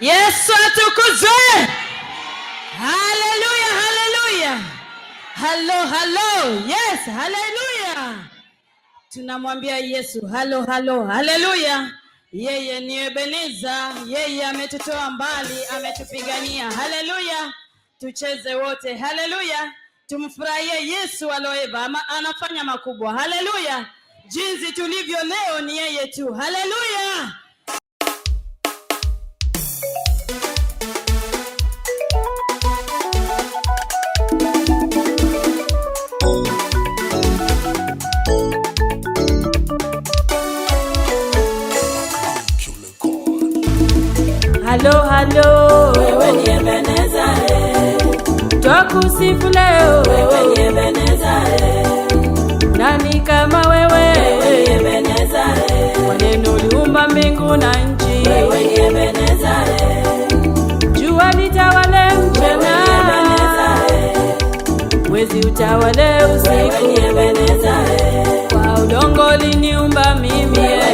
Yesu atukuzwe! Haleluya, haleluya, halo halo, yes, haleluya. Tunamwambia Yesu halo halo, haleluya. Yeye ni Ebeneza, yeye ametutoa mbali, ametupigania. Haleluya, tucheze wote, haleluya. Tumfurahie Yesu aloeva, ama anafanya makubwa. Haleluya, jinsi tulivyo leo ni yeye tu. Haleluya. halo halo, wewe ni Ebeneza, twakusifu leo, wewe ni Ebeneza, nani kama wewe, wewe ni Ebeneza, kwa neno uliumba mbingu na nchi, wewe ni Ebeneza, jua litawale mchana, mwezi utawale usiku, wewe ni Ebeneza, kwa udongo uliniumba mimi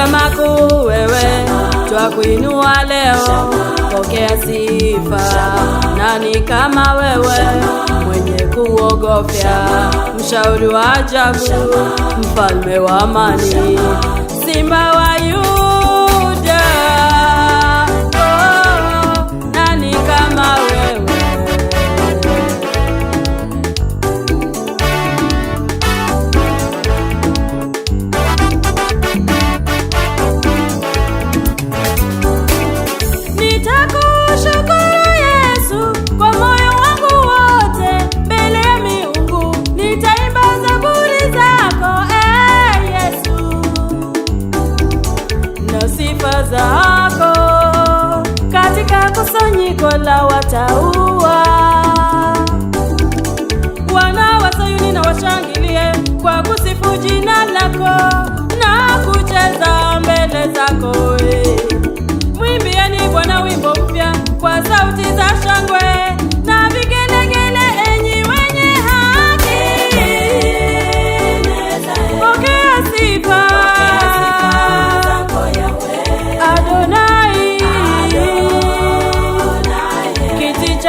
Shamaku wewe twakuinua leo, pokea sifa. Nani kama wewe mwenye kuogofya, mshauri wa ajabu, mfalme wa amani, Simba wa Mola wataua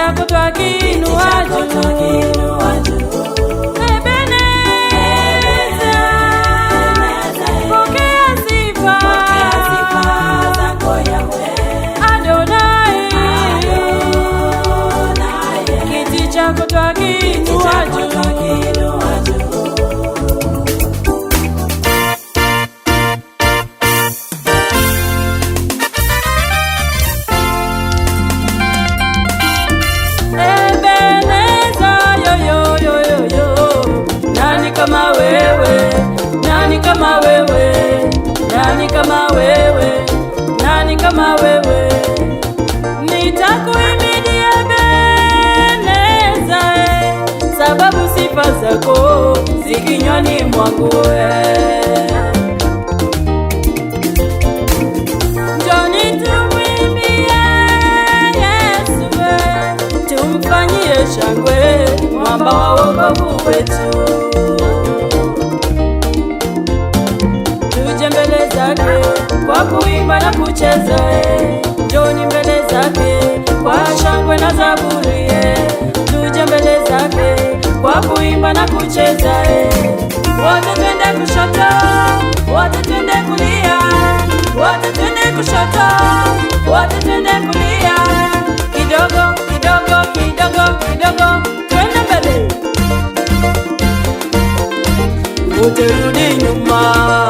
chako twakiinuaje nani kama wewe, nani kama wewe, nani kama wewe, nitakuimbia Ebeneza, sababu sifa zako zikinywani mwangu Shangwe mwamba wa wokovu wetu. tucheze, njoni mbele zake kwa shangwe na zaburi, tuje mbele zake kwa kuimba na kucheza, wote twende kushoto, wote twende kulia, wote twende kushoto, wote twende kulia, kidogo kidogo kidogo kidogo, twende mbele, wote rudi nyuma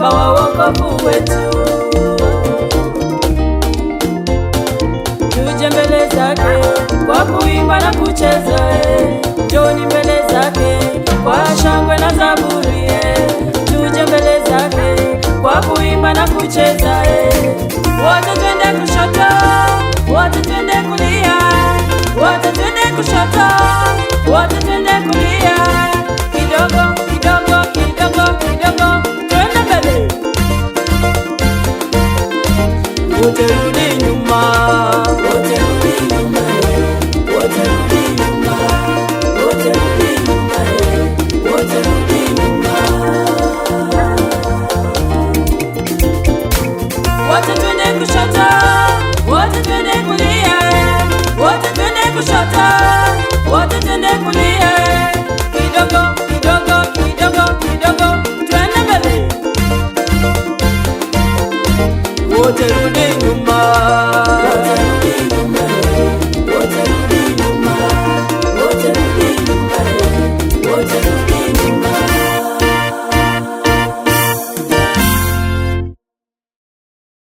mwamba wa wokovu wetu, tuje mbele zake kwa kuimba na kucheza, njoni mbele zake kwa shangwe na zaburi, tuje mbele zake kwa kuimba na kucheza, wote twende